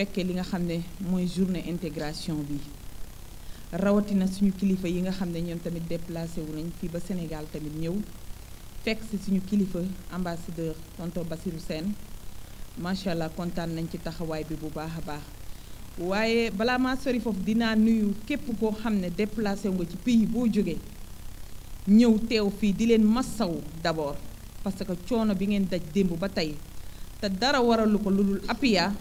fekkee li nga xam ne mooy journée intégration bi rawatina suñu kilifa yi nga xam ne ñoom tamit déplacé wu nañ fii ba Sénégal tamit ñëw fekk si suñu kilifa ambassadeur tonto Bassirou seen macha allah kontaan nañ ci taxawaay bi bu baax a baax waaye balaa maa sori foofu dinaa nuyu képp koo xam ne déplacé wu nga ci pays boo jógee ñëw teew fii di leen massaw d'abord parce que coono bi ngeen daj démb ba tey te dara waralu ko lu dul APIA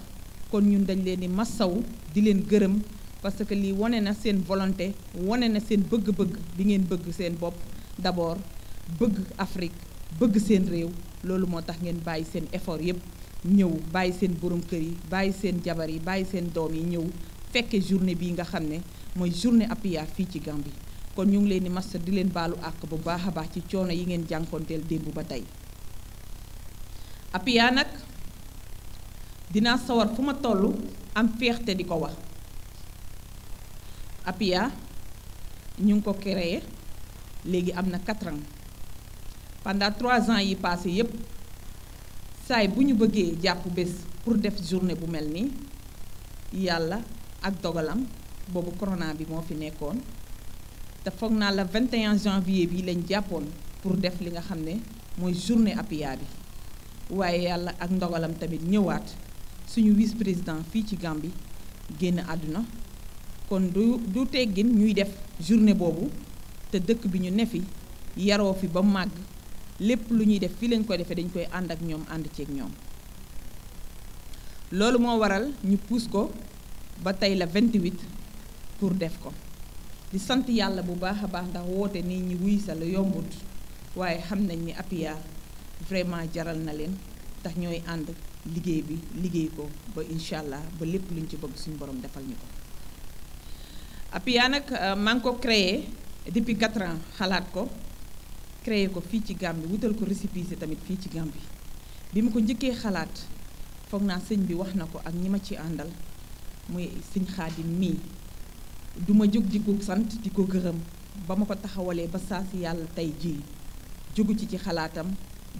kon ñun dañ leen di massawu di leen gërëm parce que lii wane na seen volonté wane na seen bëgg-bëgg bi ngeen bëgg seen bopp d'abord bëgg Afrique bëgg seen réew loolu moo tax ngeen bàyyi seen effort yépp ñëw bàyyi seen borom kër yi bàyyi seen jabar yi bàyyi seen doom yi ñëw fekke journée bii nga xam ne mooy journée APIA fii ci Gambie kon ñu ngi leen di master di leen baalu àq bu baax a baax ci coono yi ngeen jànkoonteel démb ba tey APIA nag dinaa sawar fu ma toll am fierté di ko wax APIA ñu ngi ko créé léegi am na 4 ans pendant 3 ans yi passé yépp saay bu ñu bëggee jàpp bés pour def journée bu mel nii yàlla ak dogalam boobu corona bi moo fi nekkoon te foog naa la 21 janvier bi lañ jàppoon pour def li nga xam ne mooy journée APIA bi waaye yàlla ak ndogalam tamit ñëwaat suñu vice président fii ci Gambie génn àdduna kon du du teggin ñuy def journée boobu te dëkk bi ñu ne fi yaroo fi ba màgg lépp lu ñuy def fii leen ko defee dañ koy ànd ak ñoom ànd ceeg ñoom loolu moo waral ñu puus ko ba tey la 28 pour def ko di sant yàlla bu baax a baax ndax woote nii ñu wuy sa la yombut waaye xam nañ ni Apia vraiment jaral na leen tax ñooy ànd liggéey bi liggéey ko ba incha allah ba lépp luñ ci bëgg suñu borom defal ñu ko. APIA nag euh, maa ngi ko créé depuis 4 ans xalaat ko créé ko fii ci Gambie wutal ko récépissé tamit fii ci Gambie bi ma ko njëkkee xalaat foog naa sëñ bi wax na ko ak ñi ma ci àndal muy sëñ xaadim mii du ma jóg di ko sant di ko gërëm ba ma ko taxawalee ba saa si yàlla tey jii jógu ci ci xalaatam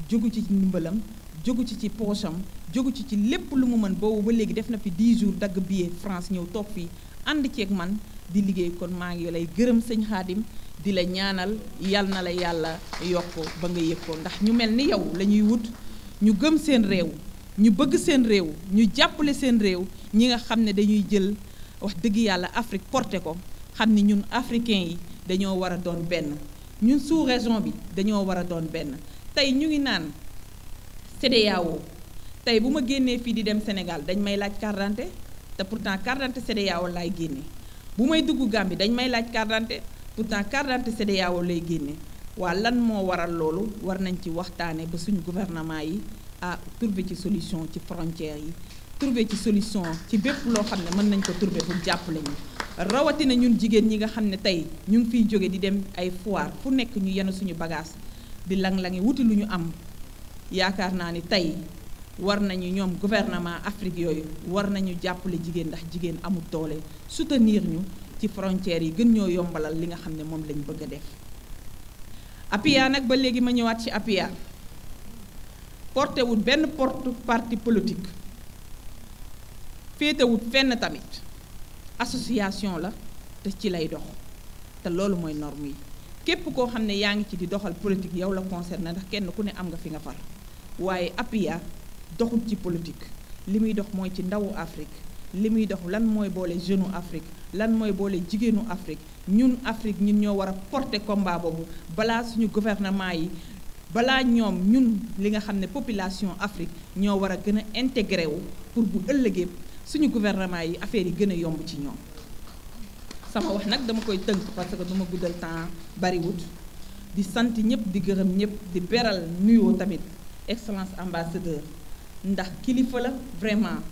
jógu ci ci ndimbalam. jógu ci ci poche am jógu ci ci lépp lu mu mën boobu ba léegi def na fi 10 jours dagg billet France ñëw toog fii ànd ceeg man di liggéey kon maa ngi lay gërëm sañ Xaadim di la ñaanal yal na la yàlla yokk ba nga yëg ko ndax ñu mel ni yow lañuy wut ñu gëm seen réew ñu bëgg seen réew ñu jàppale seen réew ñi nga xam ne dañuy jël wax dëgg yàlla Afrique porté ko xam ni ñun africain yi dañoo war a doon benn ñun sous région bi dañoo war a doon benn tey ñu ngi naan CEDEAO tey bu ma génnee fii di dem Sénégal dañ may laaj carte te pourtant carte d'identité CEDEAO laay génne bu may dugg Gambie dañ may laaj carte d'identité pourtant carte d'identité CEDEAO lay génne waa lan moo waral loolu war nañ ci waxtaane ba suñu gouvernement yi ah trouver ci solution ci frontières yi trouver ci solution ci bépp loo xam ne mën nañ ko trouver pour jàppale ñu rawatina ñun jigéen ñi nga xam ne tey ñu ngi fiy jóge di dem ay foire fu nekk ñu yenu suñu bagage di lang-langi wuti lu ñu am yaakaar naa ni tey war nañu ñoom gouvernement Afrique yooyu war nañu jàppale jigéen ndax jigéen amul toole soutenir ñu ci frontières yi gën ñoo yombalal li nga xam ne moom lañu bëgg a def. APIA nag ba léegi ma ñëwaat ci APIA porté wut benn porte parti politique féetewut fenn tamit association la te ci lay dox te loolu mooy norme yi képp koo xam ne yaa ngi ci di doxal politique yow la concerné ndax kenn ku ne am nga fi nga far. waaye APIA doxut ci politique li muy dox mooy ci ndawu Afrique li muy dox lan mooy boole jeune Afrique lan mooy boole jigéenu Afrique ñun Afrique ñun ñoo war a porter combat boobu balaa suñu gouvernement yi balaa ñoom ñun li nga xam ne population Afrique ñoo war a gën a intégré wu pour bu ëllëgee suñu gouvernement yi affaire yi gën a yomb ci ñoom. sama wax nag dama koy tënk parce que du ma guddal temps bariwut di sant ñëpp di gërëm ñëpp di beral nuyoo tamit. excellence ambassadeur ndax kilifa la vraiment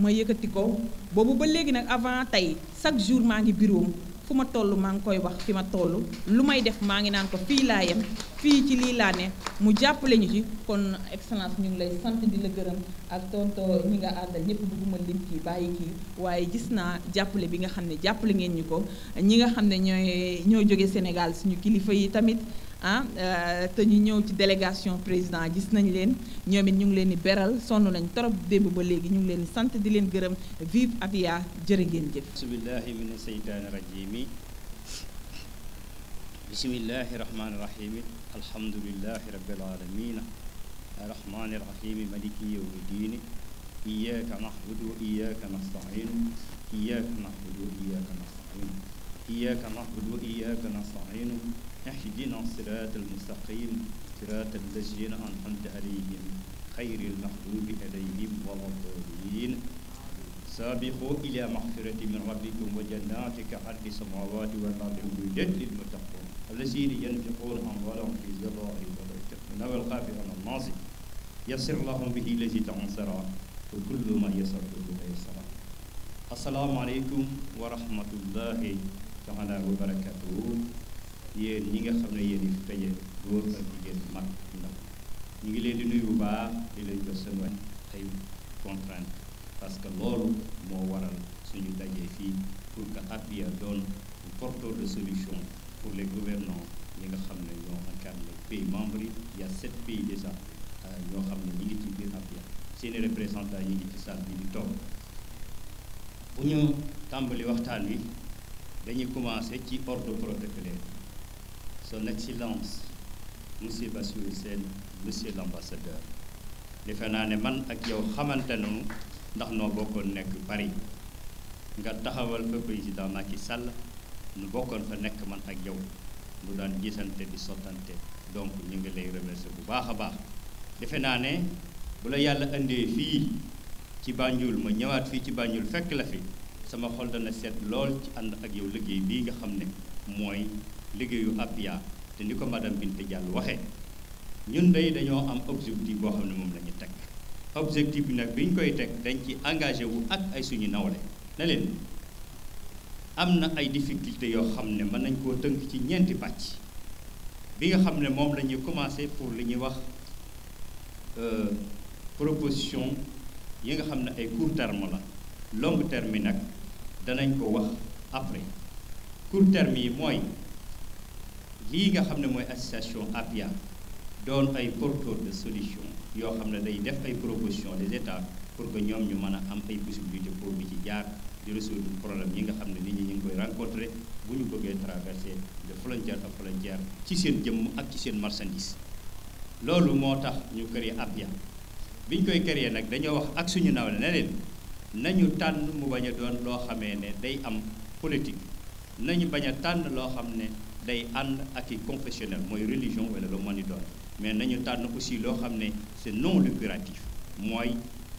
ma yëkkati ko boobu ba léegi nag avant tey chaque jour maa ngi bureau fu ma toll maa ngi koy wax fi ma toll lu may def maa ngi naan ko fii laa yem fii ci lii laa ne mu jàppale ñu ci kon excellence ñu ngi lay sant di la gërëm ak tonto ñi nga àndal ñëpp bëgguma lim kii bàyyi kii waaye gis naa jàppale bi nga xam ne jàppale ngeen ñu ko ñi nga xam ne ñooy ñoo jóge Sénégal suñu kilifa yi tamit ah euh, te ñu ñëw ci délégation président gis nañ leen ñoom ñu ngi leen di beral sonn nañ trop démb ba léegi ñu ngi leen di sant di leen gërëm vive Avia jërë ngeen jëf bismillahi mina seytaani rajimi bismillahi rahmaani rahimi alhamdulilahi rabbil alamina arrahmaani rahimi maliki yawmi diini iyaaka nahbudu wa iyaaka nastainu iyaaka إياك نعبد وإياك نستعين اهدنا الصراط المستقيم صراط الذين أنعمت عليهم خير المغضوب عليهم ولا الضالين سابقوا إلى مغفرة من ربكم وجنات كعرض السماوات والأرض أعدت للمتقون الذين ينفقون أموالهم في سراء ولا يتقون والخافعون الناصي يسر لهم به الذي تنصر وكل ما يسره يسر السلام عليكم ورحمة الله taala wa barakatuhu yéen ñi nga xam ne yéen fi daje góor ak jigéen mag ndax ñu ngi leen di nuyu bu baax di leen jox seen wàcc ay contrainte parce que loolu moo waral suñu dajee fii pour que APIA doon porteur de solution pour les gouvernants ñi nga xam ne ñoo incarne pays membres yi il y a sept euh, ñoo xam ne ñi ngi ci biir APIA seeni représentants ñi ngi ci salle bi di toog bu ñu tàmbali waxtaan wi dañuy commencé ci ordre protocolaire son excellence monsieur Bassirou Sène monsieur l'ambassadeur defe naa ne man ak yow xamante nañu ndax noo bokkoon nekk Paris nga taxawal fa président Macky Sall nu bokkoon fa nekk man ak yow mu daan gisante di sottante donc ñu ngi lay remercier bu baax a baax defe naa ne bu la yàlla indee fii ci Banjul ma ñëwaat fii ci Banjul fekk la fi sama xol dana seet lool ci ànd ak yow liggéey bii nga xam ne mooy liggéeyu APIA te ni ko madame bind jàll waxee ñun day dañoo am objectif boo xam ne moom la teg objectif bi nag bi koy teg dañ ci engagé wu ak ay suñu nawle ne leen am na ay difficultés yoo xam ne mën nañ koo tënk ci ñeenti pàcc bi nga xam ne moom lañuy ñuy commencé pour li ñuy wax euh, proposition yi nga xam ne ay court terme la long terme nag danañ ko wax après court terme yi mooy lii nga xam ne mooy association APIA doon ay porteur de solution yoo xam ne day def ay proposition des états pour que ñoom ñu mën a am ay possibilité pour bi ci jaar di résoudre problème yi nga xam ne nit ñi ñu ngi koy rencontrer bu ñu bëggee traverser de frontière à frontière ci seen jëmm ak ci seen marchandise loolu moo tax ñu créer APIA bi ñu koy créer nag dañoo wax ak suñu naw ne leen nañu tànn mu bañ a doon loo xamee ne day am politique nañu bañ a tànn loo xam ne day ànd ak i confessionnel mooy religion wala lu mën i doon mais nañu tànn aussi loo xam ne c'est non lucratif mooy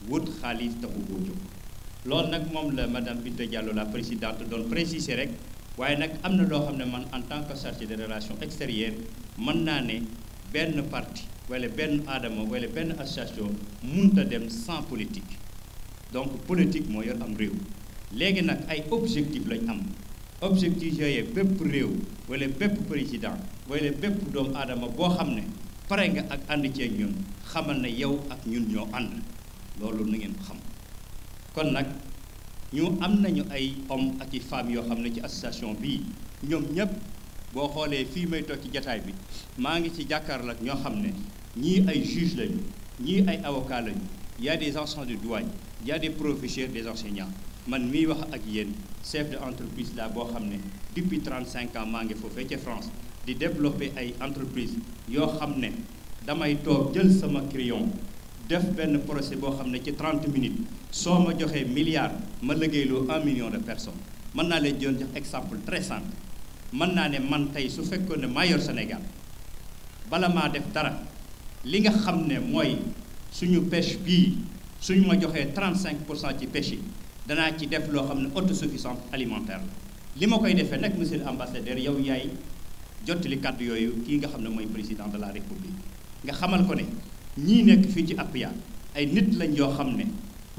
wut xaalis taxu boo jóg loolu nag moom la madame Binta Diallo la présidente doon préciser rek waaye nag am na loo xam ne man en tant que chargé de relations extérieures mën naa ne benn parti wala benn aadama wala benn association mënut a dem sans politique donc politique moo yor am réew léegi nag ay objectif lañ am objectif yooyu bépp réew wala bépp président wala bépp doomu aadama boo xam ne pare nga ak ànd ceeg ñun xamal na yow ak ñun ñoo ànd loolu na ngeen ko xam kon nag ñu am nañu ay om ak i femmes yoo xam ne ci association bii ñoom ñëpp boo xoolee fii may toog ci jataay bi maa ngi ci jàkkaarloo ak ñoo xam ne ñii ay juge lañu ñii ay avocat lañu y des agents de douane il y des professeurs des man miy wax ak yéen chef de entreprise la boo xam ne depuis trent ans maa ngi foofee ca France di développer ay entreprise yoo xam ne damay toog jël sama crayon def benn projet boo xam ne ci 30 minutes soo ma joxee milliard ma liggéeyloo 1 million de personnes mën naa leen joon jox exemple très simple mën naa ne man tey su fekkoon ne maa yor Sénégal bala maa def dara li nga xam ne mooy suñu pêche bii su ñu ma joxee cinq pour cent ci pêche danaa ci def loo xam ne autosuffisance alimentaire la li ma koy defee nag monsieur l'ambassadeur yow yaay jottali kàddu yooyu kii nga xam ne mooy président de la république nga xamal ko ne ñii nekk fii ci APPIA ay nit lañ yoo xam ne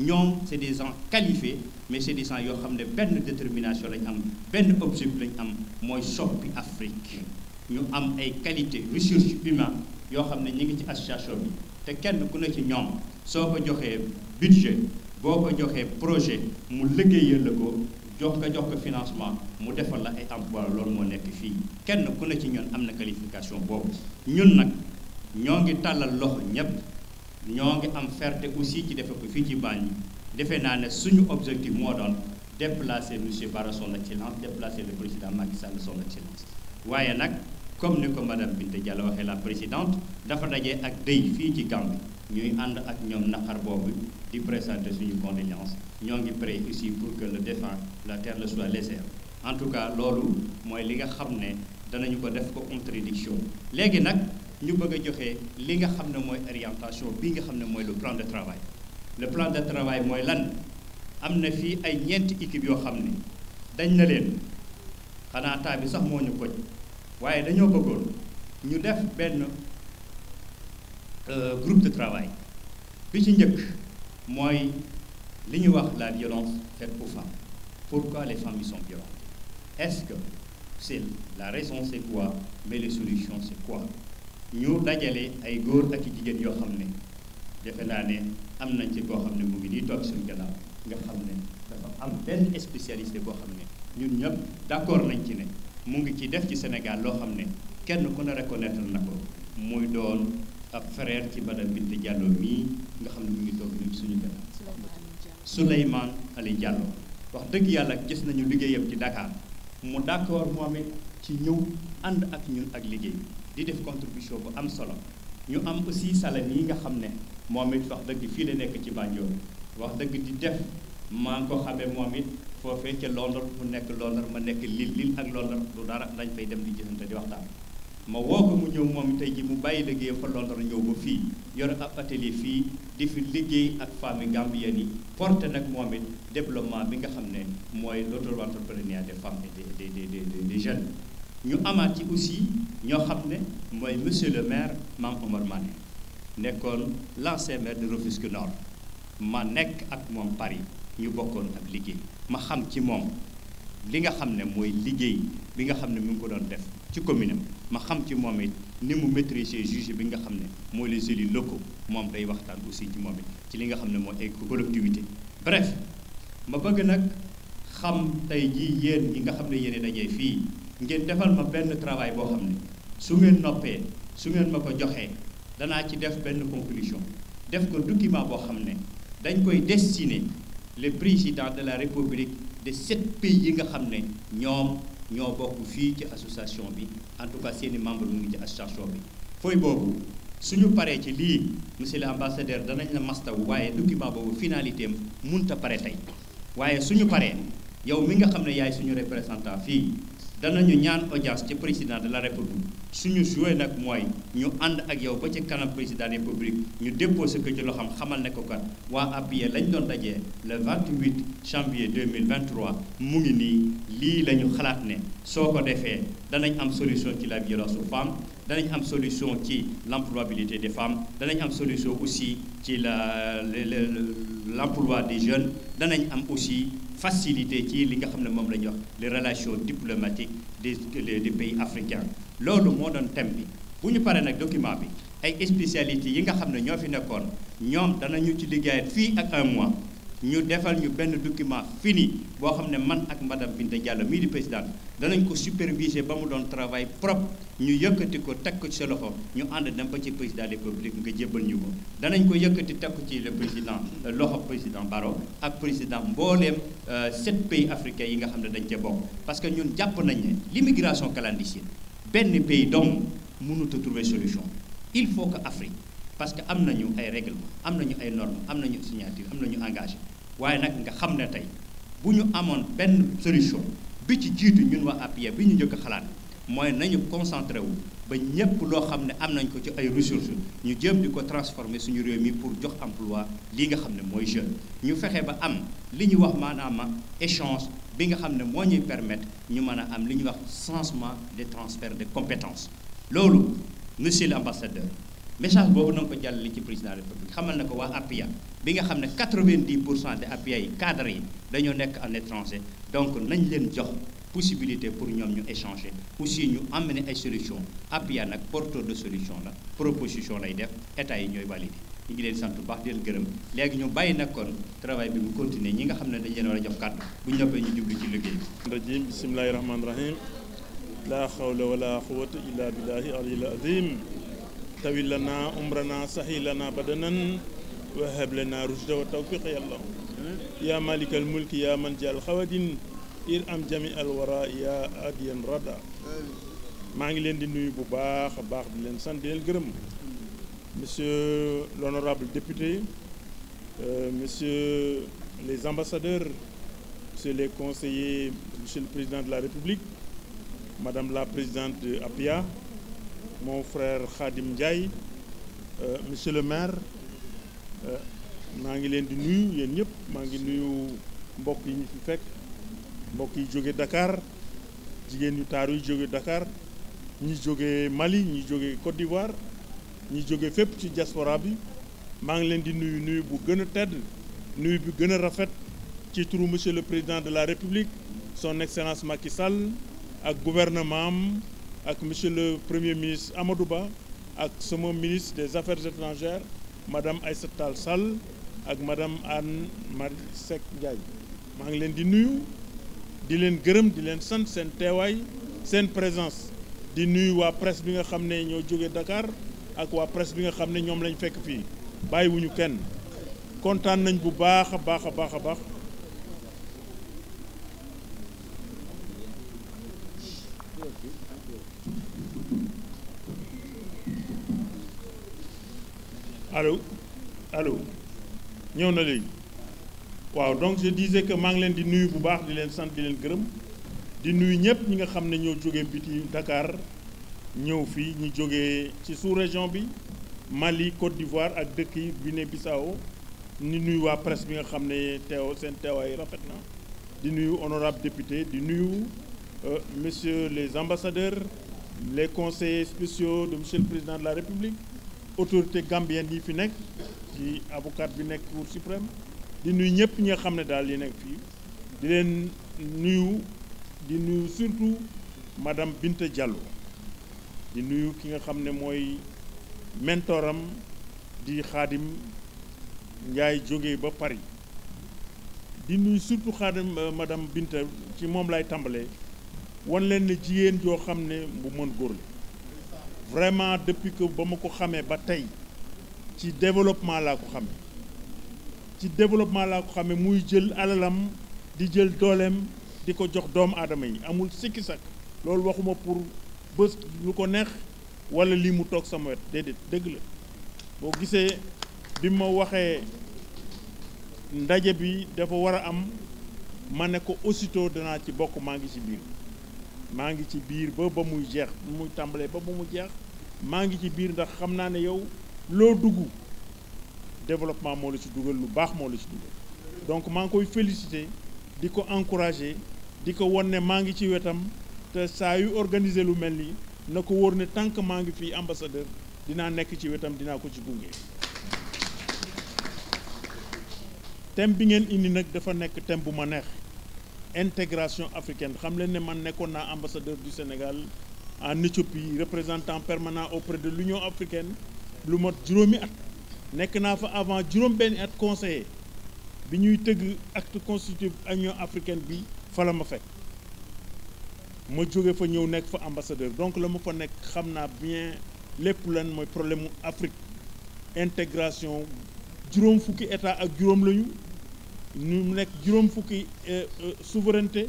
ñoom c'est des gens qualifiés mais c'est des gens yoo xam ne benn détermination lañ am benn objectif lañ am mooy soppi Afrique ñu am ay qualité ressources humaines yoo xam ne ñu ngi ci association bi te kenn ku ne ci ñoom soo ko joxee budget boo ko joxee projet mu liggéeyal la ko jox nga jox ko financement mu defal la ay emploi loolu moo nekk fii kenn ku ne ci ñun am na qualification boobu ñun nag ñoo ngi tàllal loxo ñépp ñoo ngi am fierté aussi ci defe ko fii ci yi defe naa ne suñu objectif moo doon déplacer monsieur Bara son excellence déplacer le président Macky Sall son excellence waaye nag comme ni ko madame Binta Diallo waxee la présidente dafa daje ak dëy fii ci Gambie ñuy ànd ak ñoom naqar boobu di présenter suñu condoléance ñoo ngi prêt aussi pour que le défunt la terre le soit légère en tout cas loolu mooy li nga xam ne danañu ko def ko contradiction léegi nag ñu bëgg a joxe li nga xam ne mooy orientation bi nga xam ne mooy le plan de travail le plan de travail mooy lan am na fii ay ñeenti équipe yoo xam ne dañ na leen xanaa bi sax moo ko waaye dañoo bëggoon ñu def benn euh, groupe de travail bi ci njëkk mooy li ñu wax la violence faite aux femmes pourquoi les femmes yi sont violentes est-ce que c'est la raison c'est quoi mais les solution c'est quoi ñu dajale ay góor ak jigéen yoo xam ne defe naa ne am nañ ci koo xam ne mu ngi nii toog suñu gannaaw nga xam ne dafa am benn spécialité boo xam ne ñun ñëpp d'accord nañ ci ne mu ngi ci def ci Sénégal loo xam ne kenn ku ne reconnaître na ko muy doon ab frère ci Madame Binta Diallo mii nga xam ne mu ngi toog ñun suñu gannaaw Souleymane Ali Diallo wax dëgg yàlla gis nañu liggéeyam di Dakar mu d'accord moom it ci ñëw ànd ak ñun ak liggéey bi di def contribution bu am solo ñu am aussi Salam yi nga xam ne moom it wax dëgg fii la nekk ci Banjul wax dëgg di def maa ngi ko xamee moom it foo ca Londres mu nekk Londres ma nekk Lille Lille ak Londres du dara dañ fay dem di jëfante di waxtaan ma woo ko mu ñëw moom tey jii mu bàyyi liggéeyam fa Londres ñëw ba fii yor ab atelier fii di fi liggéey ak femmes gambiennes yi porte nag moom it développement bi nga xam ne mooy l'auto-entrepreneuriat des femmes et des des des des jeunes ñu amaat ci aussi ñoo xam ne mooy monsieur le maire Mame Omar Mané nekkoon l'ancien maire de Rufisque Nord ma nekk ak moom Paris ñu bokkoon ak liggéey ma xam ci moom li nga xam ne mooy liggéey bi nga xam ne mu ngi ko doon def ci commune am ma xam ci moom it ni mu maîtriser juge bi nga xam ne mooy les élus locaux moom day waxtaan aussi ci moom it ci li nga xam ne mooy ay collectivité bref ma bëgg nag xam tey ji yéen ñi nga xam ne yéen dajee fii ngeen defal ma benn travail boo xam ne su ngeen noppee su ngeen ma ko joxee danaa ci def benn conclusion def ko document boo xam ne dañ koy destiné le président de la république de sept pays yi nga xam ne ñoom ñoo bokk fii ci association bi en tout cas seeni membre mu ngi ci association bi fooy boobu suñu paree ci lii monsieur l'ambassadeur danañ la mastaw waaye document boobu finalité munta pare tey waaye suñu paree yow mi nga xam ne yaay suñu représentant fii danañu ñaan audience ci président de la république suñu joué nag mooy ñu ànd ak yow ba ci kanam président république ñu déposé ko ci loo xam xamal ne ko kat waa appuyé lañ doon dajee le 28 janvier 2023 mu ngi nii lii la ñu xalaat ne soo ko defee danañ am solution ci la violence aux femmes danañ am solution ci l'employabilité des femmes danañ am solution aussi ci la l'emploi des jeunes danañ am aussi facilité ci li nga xam ne moom la relation wax les relations diplomatiques des des pays africains loolu moo doon thème bi bu ñu paree nag document bi ay spécialités yi nga xam ne ñoo fi nekkoon ñoom danañu ci liggéeyat fii ak un ñu defal ñu benn document fini boo xam ne man ak madame Binta Diallo mii di présidente danañ ko superviser ba mu doon travail propre ñu yëkkati ko teg ko ci sa loxo ñu ànd dem ba ci président république nga jébbal ñu ko danañ ko yëkkati teg ko ci le président euh, loxo président baro ak président mbooleem euh, sept pays africains yi nga xam ne dañ cee bokk parce que ñun jàpp nañ ne l'immigration clandestine benn pays dong mënut a trouver solution il faut que Afrique parce que am nañu ay règlement am nañu ay normes am nañu signature am nañu engagé waaye nag nga xam ne tey bu ñu amoon benn solution bi ci jiitu ñun waa APIA bi ñu njëkk a xalaat mooy nañu concentré wu ba ñépp loo xam ne am nañ ko ci ay ressources ñu jëm di ko transformer suñu réew mi pour jox emploi li nga xam ne mooy jeune ñu fexe ba am li ñu wax maanaam échange bi nga xam ne moo ñuy permettre ñu mën a am li ñuy wax changement de transfert de compétences loolu monsieur l'ambassadeur message boobu na nga ko jàllale ci président de république xamal na ko waa APIA bi nga xam ne 90 pour cent des APIA yi cadres yi dañoo nekk en étranger donc nañ leen jox possibilité pour ñoom ñu échangé échanger aussi ñu amener ay solution APIA nag porteur de solution la proposition lay def état yi ñooy valider ñu ngi leen sant bu baax di leen gërëm léegi ñu bàyyi nag kon bi mu continuer ñi nga xam ne dañ leen war a jox kàddu bu ñu noppee ñu jublu ci liggéey bi rajim bismillahi rahmani rahim la tawil lana umrana sahi lana badanan wa hab lana rushda wa tawfiq yàlla ya malikal mulki ya man jaal xawadin am jami al wara ya adiyan rada maa ngi leen di nuyu bu baax a baax di leen sandi di leen gërëm monsieur l'honorable député euh, monsieur les ambassadeurs monsieur les conseillers monsieur le président de la république madame la présidente de APIA mon frère xadim Ndiaye euh, monsieur le maire euh, maa ngi leen di nuyu yéen ñëpp maa ngi nuyu mbokk yi ñu fi fekk mbokk yi jóge Dakar jigéen ñu taaru yi jóge Dakar ñi jóge Mali ñi jóge Côte d'Ivoire ñi jóge fépp ci diaspora yi maa ngi leen di nuyu nuyu bu gën a tedd nuyu bu gën a rafet ci turu monsieur le président de la république son excellence Macky Sall ak gouvernement ak monsieur le premier ministre Amadou Ba ak sama ministre des affaires étrangères madame Aïssata Tall Sall ak madame Anne Marie Seck maa ngi leen di nuyu di leen gërëm di leen sant seen teewaay seen présence di nuyu waa presse bi nga xam ne ñoo jóge dakaar ak waa presse bi nga xam ne ñoom lañ fekk fii bàyyiwuñu kenn kontaan nañ bu baax a baax a baax a baax alo alo ñëw na léegi waaw donc je disais que maa ngi leen di nuyu bu baax di leen sant di leen gërëm di nuyu ñëpp ñi nga xam ne ñoo jógee biti Dakar ñëw fii ñu jógee ci sous-région bi Mali Côte d'Ivoire ak dëkk yi Guinée-Bissau ni nuyu waa presse bi nga xam ne teew seen teewaay rafet na di nuyu honorable député di nuyu euh, messieurs les ambassadeurs les conseillers spéciaux de monsieur le président de la République autorité gambienne yi fi nekk di avocat bi nekk cour suprême di nuyu ñëpp ñi nga xam ne daal yi nekk fii di leen nuyu di nuyu surtout madame Binta Diallo di nuyu ki nga xam ne mooy mentoram di xaadim Njaay jóge ba Paris di nuyu surtout xaadim euh, madame Binta ci moom lay tàmbalee wan leen ne jigéen joo xam ne bu mën góor la vraiment depuis que ba ma ko xamee ba tey ci développement laa ko xamee ci développement laa ko xamee muy jël alalam di jël dooleem di ko jox doomu aadama yi amul sikki sakk loolu waxuma pour bés lu ko neex wala lii mu toog sama wet déedéet dëgg la boo gisee bi ma waxee ndaje bi dafa war a am ma ne ko aussitôt danaa ci bokk maa ngi ci biir maa ngi ci biir ba ba muy jeex muy tàmbalee ba ba mu jeex maa ngi ci biir ndax xam naa ne yow loo dugg développement moo la ci dugal lu baax moo la ci dugal donc maa ngi koy félicité di ko encouragé di ko won ne maa ngi ci wetam te saa yu organiser lu mel ni na ko wóor ne tant que maa ngi fii ambassadeur dinaa nekk ci wetam dinaa ko ci gunge. thème bi ngeen indi nag dafa nekk thème bu ma neex. intégration africaine xam leen ne man nekkoon naa ambassadeur du Sénégal en Éthiopie représentant permanent auprès de l'Union africaine lu mot juróomi at nekk naa fa avant juróom benn at conseiller bi ñuy tëgg acte constitutif Union africaine bi fa la ma fekk ma jóge fa ñëw nekk fa ambassadeur donc la ma fa nekk xam naa bien lépp lan mooy problème mu Afrique intégration juróom fukki état ak juróom lañu ñu nekk juróom fukki euh, euh, souveraineté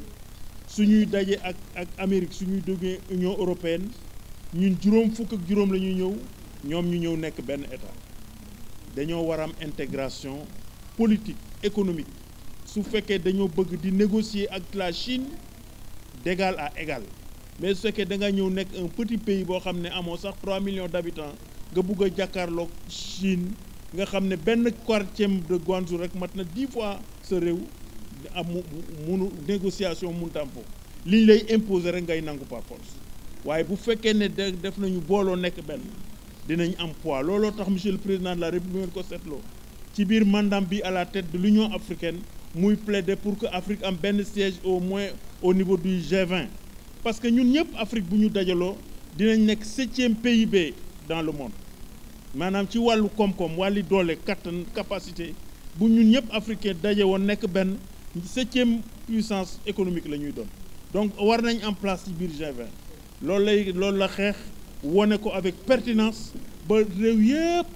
suñuy daje ak ak Amérique su suñuy duggee Union européenne ñun juróom fukk ak juróom la ñuy ñëw ñoom ñu ñëw nekk benn état dañoo war am intégration politique économique su fekkee dañoo bëgg di négocier ak la Chine d'égal à égal mais su fekkee da nga ñëw nekk un petit pays boo xam ne amoo sax 3 millions d'habitants nga bugg a jàkkaarloog Chine nga xam ne benn quartier de Guangzhou rek mat na 10 fois sa réew am mu munu négociation mu am foofu li ñu lay imposer rek ngay nangu par force waaye bu fekkee ne def nañu booloo nekk benn dinañ am poids looloo tax monsieur le président de la république ko seetloo ci biir mandam bi à la tête de l'union africaine muy plaider pour que Afrique am benn siège au moins au niveau du G20 parce que ñun ñëpp Afrique bu ñu dajaloo dinañ nekk septième PIB dans le monde maanaam ci wàllu koom-koom wàllu doole kattan capacité bu ñun ñëpp africain daje woon nekk benn septième puissance économique la ñuy doon donc war nañ en place ci biir g loolu lay loolu la xeex wone ko avec pertinance ba réew yëpp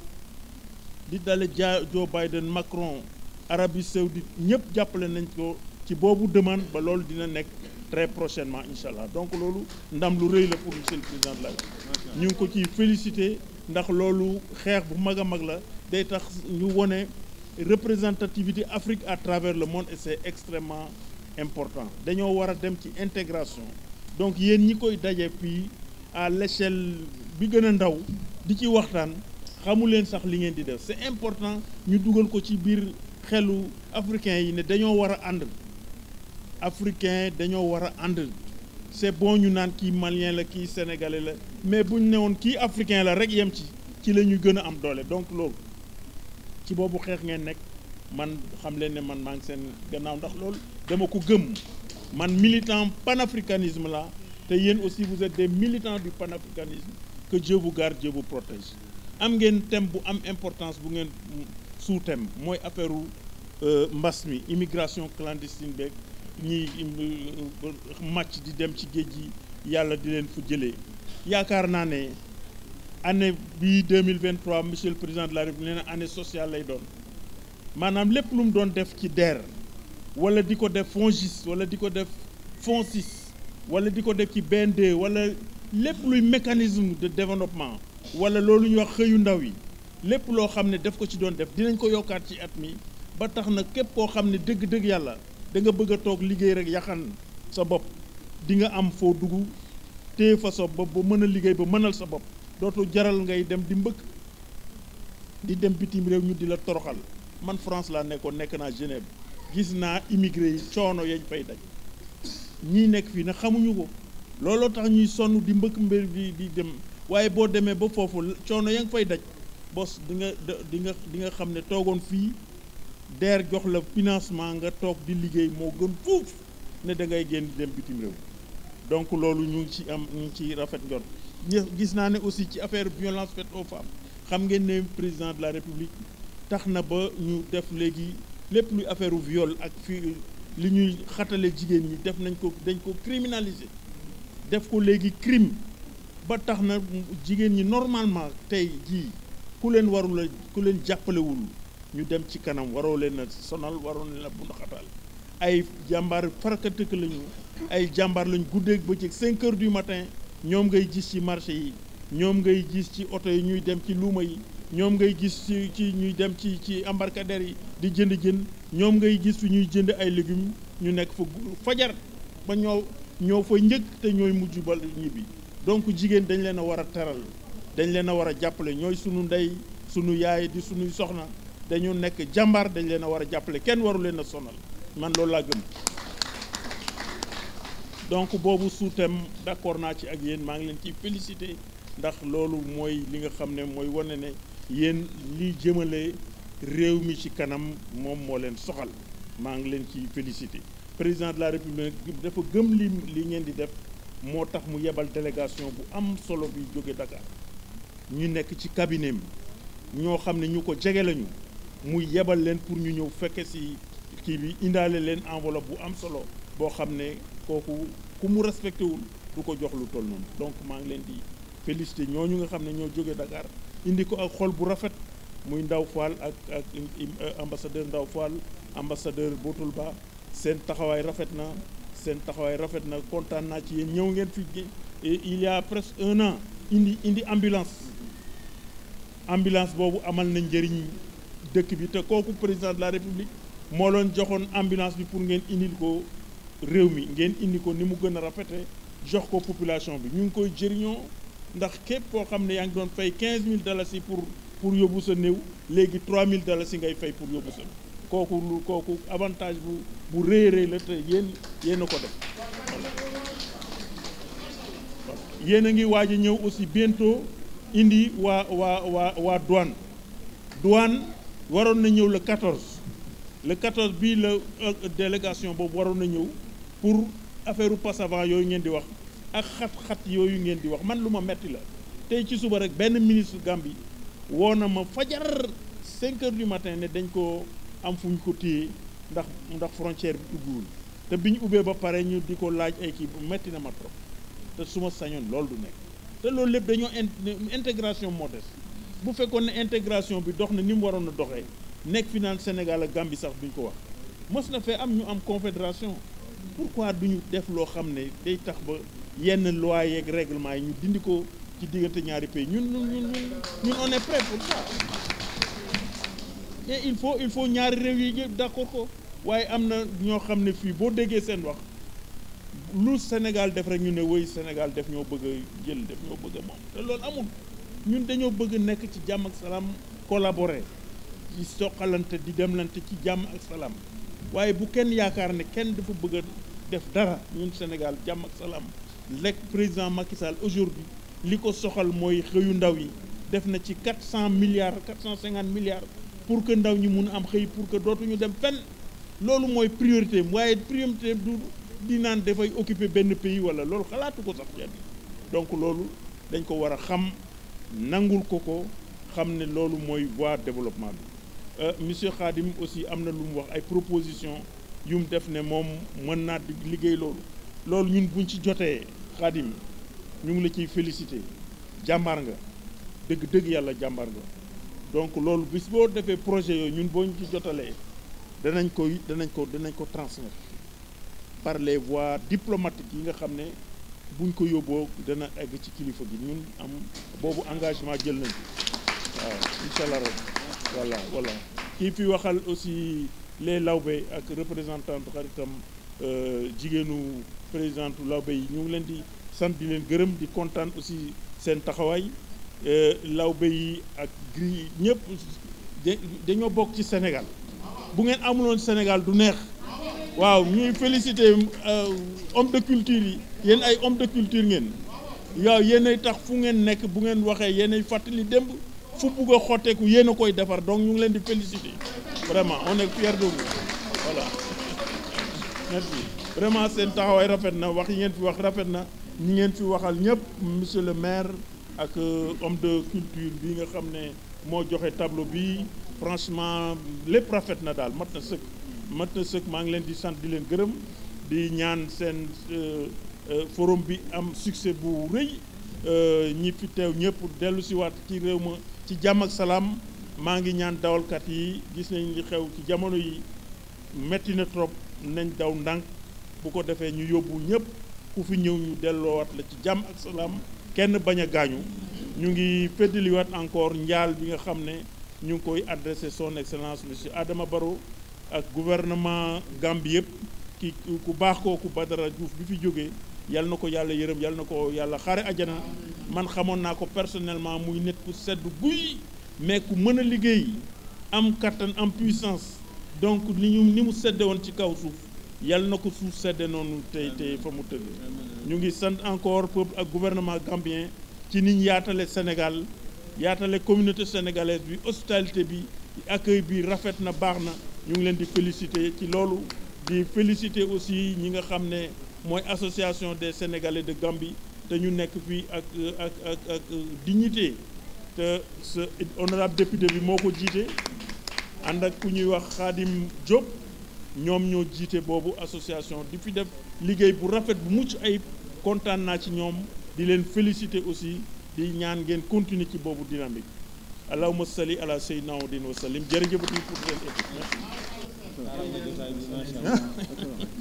di dale ja Joe Biden Macron Arabie Saoudite ñëpp jàppale nañ ko ci boobu demande ba loolu dina nekk très prochainement incha allah donc loolu ndam lu rëy la pour monsieur le président la ñu ngi ko ci félicité ndax loolu xeex bu mag a mag la day tax ñu wone représentativité Afrique à travers le monde et c'est extrêmement important dañoo war a dem ci intégration donc yéen ñi koy daje fii à l'échelle bi gën a ndaw di ci waxtaan xamu leen sax li ngeen di def c'est important ñu dugal ko ci biir xelu africain yi ne dañoo war a ànd africain dañoo war a ànd c'est bon ñu naan kii malien la kii sénégalais la mais bu ñu newoon kii africain la rek yem ci ci la ñu gën a am doole donc loolu ci boobu xeex ngeen nekk man xam leen ne man maa ngi seen gannaaw ndax loolu dama ko gëm man militant panafricanisme la te yéen aussi vous êtes des militants du panafricanisme que Dieu vous garde Dieu protège am ngeen thème bu am importance bu ngeen sous thème mooy affaire u euh, mbas mi immigration clandestine beeg ñiy euh, màcc di dem ci géej gi yàlla di leen fu jëlee yaakaar naa ne année bii 2023 monsieur le président de la république nee na année sociale lay doon maanaam lépp lu doon def ci DER wala di ko def FONGIS wala di ko def FONSIS wala di ko def ci BND wala lépp luy mécanisme de développement wala loolu ñuy wax xëyu ndaw yi lépp loo xam ne def ko ci doon def dinañ ko yokkaat ci at mi ba tax na képp koo xam ne dëgg-dëgg yàlla da nga bëgg a toog liggéey rek yaxan sa bopp di nga am foo dugg téye fa sa bopp ba mën a liggéey ba mënal sa bopp dootu jaral ngay dem di mbëkk di dem bitim réew ñu di la toroxal man France laa nekkoon nekk naa Genève gis naa immigré yi coono yañ fay daj ñii nekk fii na xamuñu ko looloo tax ñuy sonn di mbëkk mbir bi di dem waaye boo demee ba foofu coono yaa ngi fay daj bos di nga di nga di nga xam ne toogoon fii DER jox la financement nga toog di liggéey moo gën fuuf ne da ngay génn dem bitim réew donc loolu ñu ngi ci am ñu ngi ci rafet njort gis naa ne aussi ci affaire violence faite aux femmes xam ngeen ne président de la république tax na ba ñu def léegi lépp luy affaire viole ak fi li ñuy xatale jigéen ñi def nañ ko dañ ko criminaliser def ko léegi crime ba tax na jigéen ñi normalement tey jii ku leen warul ku leen jàppalewul ñu dem ci kanam waroo leen a sonal waroo leen a bundaxatal ay jàmbaar farakatëkk lañu ay jàmbaar lañu guddeeg bëccëg cinq heures du matin ñoom ngay gis ci marché yi ñoom ngay gis ci oto yi ñuy dem ci luuma yi ñoom ngay gis ci ci ñuy dem ci ci embarcadère yi di jënd jën ñoom ngay gis fi ñuy jënd ay légumes ñu nekk fa fajar ba ñoo ñoo fa njëkk te ñooy mujj ba ñibbi donc jigéen dañ leen a war a teral dañ leen a war a jàppale ñooy sunu ndey sunu yaay di sunuy soxna dañu nekk jàmbaar dañ leen a war a jàppale kenn waru leen a sonal man loolu laa gëm. donc boobu suutam d'accord naa ci ak yéen maa ngi leen ciy félicité ndax loolu mooy li nga xam ne mooy wane ne yéen li jëmale réew mi ci kanam moom moo leen soxal maa ngi leen ciy félicité président de la république dafa gëm li li ngeen di def moo tax mu yebal délégation bu am solo bi jóge Dakar ñu nekk ci cabinet ñoo xam ne ñu ko jege lañu mu yebal leen pour ñu ñëw fekke si kii bi indaale leen enveloppe bu am solo boo xam ne kooku ku mu respecté wul du ko jox lu toll noonu donc maa ngi leen di félicité ñu nga xam ne ñoo jóge Dakar indi ko ak xol bu rafet muy Ndaw Fall ak ak ambassadeur Ndaw Fall ambassadeur bootul Ba seen taxawaay rafet na seen taxawaay rafet na kontaan naa ci yéen ñëw ngeen fi il y a presque un an indi indi ambulance ambulance boobu amal na njëriñ dëkk bi te kooku président de la république moo loon joxoon ambulance bi pour ngeen indil ko réew mi ngeen indi ko ni mu gën a rafete jox ko population bi ñu ngi koy jëriñoo ndax képp koo xam ne yaa ngi doon fay 15000 si pour pour yóbbu sa néew léegi 3000 si ngay fay pour yóbbu sa kooku kooku avantage bu bu rëy la te yéen yéen a ko def yéen a ngi waaj ñëw aussi bientôt indi waa waa waa waa douane douane waroon na ñëw la 14 le 14 bii la euh, délégation boobu waroon na ñëw. pour affaire passe yooyu ngeen di wax ak xat-xat yooyu ngeen di wax man lu ma metti la tey ci suba rek benn ministre Gambie woo na ma fajar 5 heures du matin ne dañ ko am fu ñu ko téye ndax ndax frontière bi ubbiwul te bi ñu ubbee ba pare ñu di ko laaj ay kii bu metti na ma trop te su ma sañoon loolu du nekk te loolu lépp dañoo intégration moo des bu fekkoon ne intégration bi dox na ni mu waroon a doxee nekk fi naan Sénégal ak Gambie sax duñ ko wax mos na am ñu am confédération pourquoi ñu def loo xam ne day tax ba yenn loi yeeg règlement yi ñu dindi ko ci diggante ñaari pays ñun ñun ñun ñun on est pour ça et il faut il faut ñaari réew yi yëpp d'accord ko waaye am na ñoo xam ne fii boo déggee seen wax lu Sénégal def rek ñu ne woy Sénégal def ñoo bëgg a jël def ñoo bëgg a moom te loolu amul ñun dañoo bëgg nekk ci jàmm ak salaam collaborer ci soqalante di demlante ci jàmm ak salaam waaye bu kenn yaakaar ne kenn dafa bëgg a def dara ñun Sénégal jàmm ak salaam lekk président Macky Sall aujourd'hui li ko soxal mooy xëyu ndaw yi def na ci quatre cent milliards quatre cent cinquante milliards pour que ndaw ñi mun am xëy pour que dootuñu dem fenn loolu mooy priorité waaye priorité du di naan dafay occuper benn pays wala loolu xalaatu ko sax jàpp donc loolu dañ ko war a xam nangul ko ko xam ne loolu mooy waa développement bi. Euh, monsieur Khadim aussi am na lu mu wax ay proposition yu mu def ne moom mën naa liggéey loolu loolu ñun buñ ci jotee Khadim ñu ngi la ciy félicité jàmbaar nga dëgg dëgg yàlla jàmbaar nga donc loolu bis boo defee projet yooyu ñun boo ñu ci jotalee danañ koy danañ ko danañ ko transmettre par les voies diplomatiques yi nga xam ne buñ ko yóbboo dana egg ci kilifa gi ñun am boobu engagement jël nañ waaw incha allah voilà voilà kii fi waxal aussi les lawbe ak représentante xaritam euh, jigéenu présidente lawbe yi ñu ngi leen di sant bi leen gërëm di kontaan aussi seen taxawaay euh, lawbe yi ak gri ñëpp dañoo bokk ci Sénégal bu ngeen amuloon Sénégal du neex waaw ñuy félicité euh, homme de culture yi yéen ay homme de culture ngeen waaw yéenay tax fu ngeen nekk bu ngeen waxee yéenay fàttali démb fu bugg a xotteeku yéen a koy defar donc ñu ngi leen di féliciter vraiment on est fiers de vous voilà merci vraiment seen taxawaay rafet na wax yi ngeen fi wax rafet na ñi ngeen fi waxal ñëpp monsieur le maire ak euh, homme de culture bi nga xam ne moo joxe tableau bi franchement lépp rafet na daal mat na sëkk mat na sëkk maa ngi leen di sant di leen gërëm di ñaan seen euh, euh, forum bi am succès bu rëy ñi fi teew ñëpp dellu siwaat ci réew ma ci jàmm ak salaam maa ngi ñaan dawalkat yi gis nañ li xew ci jamono yi metti na trop nañ daw ndànk bu ko defee ñu yóbbu ñëpp ku fi ñëw ñu delloowaat la ci jàmm ak salaam kenn bañ a gaañu ñu ngi feddaliwaat encore njaal bi nga xam ne ñu ngi koy adressé son excellence si Adama Barrow ak gouvernement Gambie yëpp ki ku baax kooku ba dara Diouf bi fi jógee yal na ko yàlla yërëm yal na ko yàlla xaare ajana man xamoon naa ko personnellement muy nit ku sedd guy mais ku mën a liggéey am kattan am puissance donc ni ñu ni mu sedde woon ci kaw suuf yal na ko suuf sedde noonu tey tey fa mu tëdd ñu ngi sant encore peuple ak gouvernement gambien ci niñ yaatale Sénégal yaatale communauté sénégalaise bi hospitalité bi accueil bi rafet na baax na ñu ngi leen di féliciter ci loolu di félicité aussi ñi nga xam ne mooy association des sénégalais de Gambie te ñu nekk fii ak ak ak ak dignité te ce honorable député bi moo ko jiite ànd ak ku ñuy wax Khadim Diop ñoom ñoo jiite boobu association di fi def liggéey bu rafet bu mucc ayib kontaan naa ci ñoom di leen félicité aussi di ñaan ngeen continuer ci boobu dynamique allahumma salli ala sayyidina wa sallim jërëjëfati pour seen équipe merci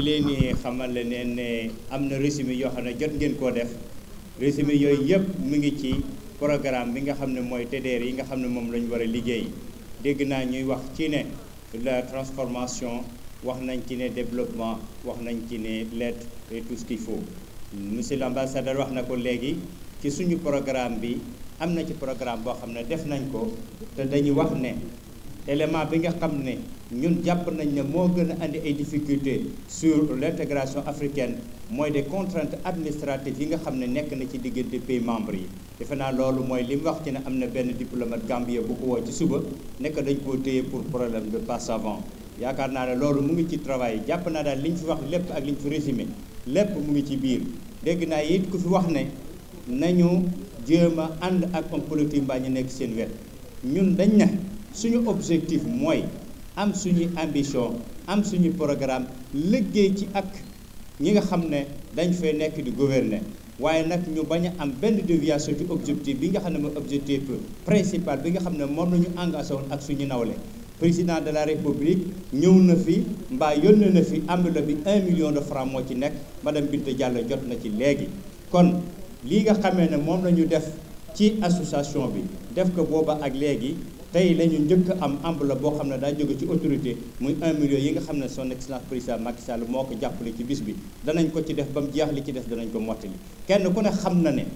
di leen ni xamal leen ne am na résumé yoo xam ne jot ngeen koo def résumé yooyu yëpp mu ngi ci programme bi nga xam ne mooy TDR yi nga xam ne moom lañu ñu war a liggéey dégg naa ñuy wax ci ne la transformation wax nañ ci ne développement wax nañ ci ne l'aide et tout ce qu'il faut monsieur l'ambassadeur wax na ko léegi ci suñu programme bi am na ci programme boo xam ne def nañ ko te dañu wax ne élément bi nga xam ne ñun jàpp nañ ne moo gën a indi ay difficultés sur l'intégration africaine mooy des contraintes administratives yi nga xam ne nekk na ci diggante pays membre yi defe naa loolu mooy li wax ci ne am na benn diplomate gambien bu ko woo ci suba nekk dañ koo téye pour problème de passe avant yaakaar naa loolu mu ngi ci travail jàpp naa daal li ñu fi wax lépp ak li ñu fi résumé lépp mu ngi ci biir dégg naa it ku fi wax ne nañu jéem a ànd ak homme politique ñu nekk seen wet ñun dañ ne suñu objectif mooy am suñu ambition am suñu programme liggéey ci ak ñi nga xam ne dañ fee nekk di gouverner waaye nag ñu bañ a am benn déviation ci objectif bi nga xam ne mooy objectif principal bi nga xam ne moom nañu ñu engagé woon ak suñu nawle président de la république ñëw na fi mbaa ne na fi enveloppe bi un million de francs moo ci nekk madame Binta Diallo jot na ci léegi kon lii nga xamee ne moom la def ci association bi def ko booba ak léegi tey la njëkk am enveloppe boo xam ne daa jóge ci autorité muy 1 million yi nga xam ne son excellence président Macky Sall moo ko jàppale ci bis bi danañ ko ci def ba mu jeex li ci def danañ ko mottali kenn ku ne xam na ne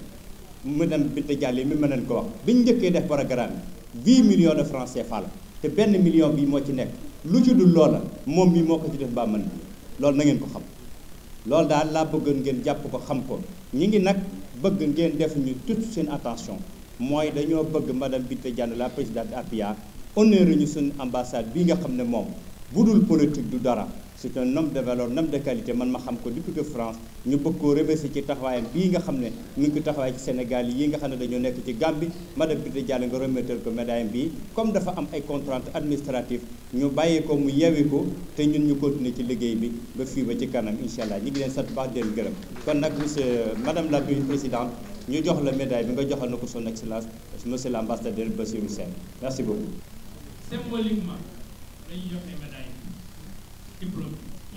mu dem Binta Diallo mi mën nañ ko wax ñu njëkkee def programme bi 8 millions de francs CFA te benn million bi moo ci nekk lu ci dul loola moom mi moo ko ci def ba mën loolu na ngeen ko xam loolu daal laa bëggoon ngeen jàpp ko xam ko ñi ngi nag bëgg ngeen def ñu seen attention mooy dañoo bëgg madame Binta Diagne la présidente APIA honoré ñu suñu ambassade bii nga xam ne moom bu dul politique du dara c'est un homme de valeur un de qualité man ma xam ko depuis que France ñu bëgg koo remercier ci taxawaayam bii nga xam ne ñu ngi ko taxawaay ci Sénégal yi nga xam ne dañoo nekk ci Gambie madame Binta Diagne nga remettre ko médaille bi comme dafa am ay contraintes administratives ñu bàyyi ko mu yewi ko te ñun ñu continuer ci liggéey bi ba fii ba ci kanam incha allah ñu ngi leen sant baax di gërëm kon nag monsieur madame la présidente ñu jox la médaille bi nga joxal na ko son excellence monsieur l' ambassadeur Bassirou Sène merci beaucoup. symboliquement dañuy joxe médaille bi diplôme bi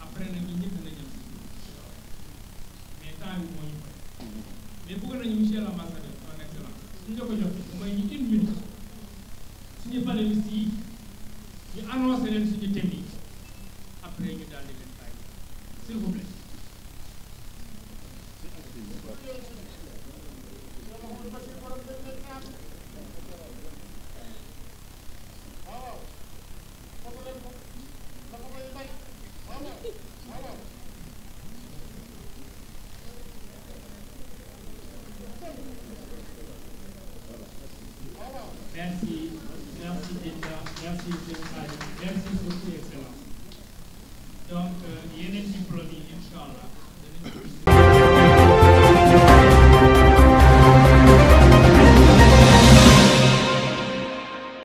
après nag ñu ñëpp na jël mais temps bi ñu koy mais bëgg nañu monsieur l' ambassadeur son excellence suñu la ko joxee mooy ñu une minute suñu panélistes yi ñu annoncé leen suñu thème après ñu daal leen bàyyi s'il vous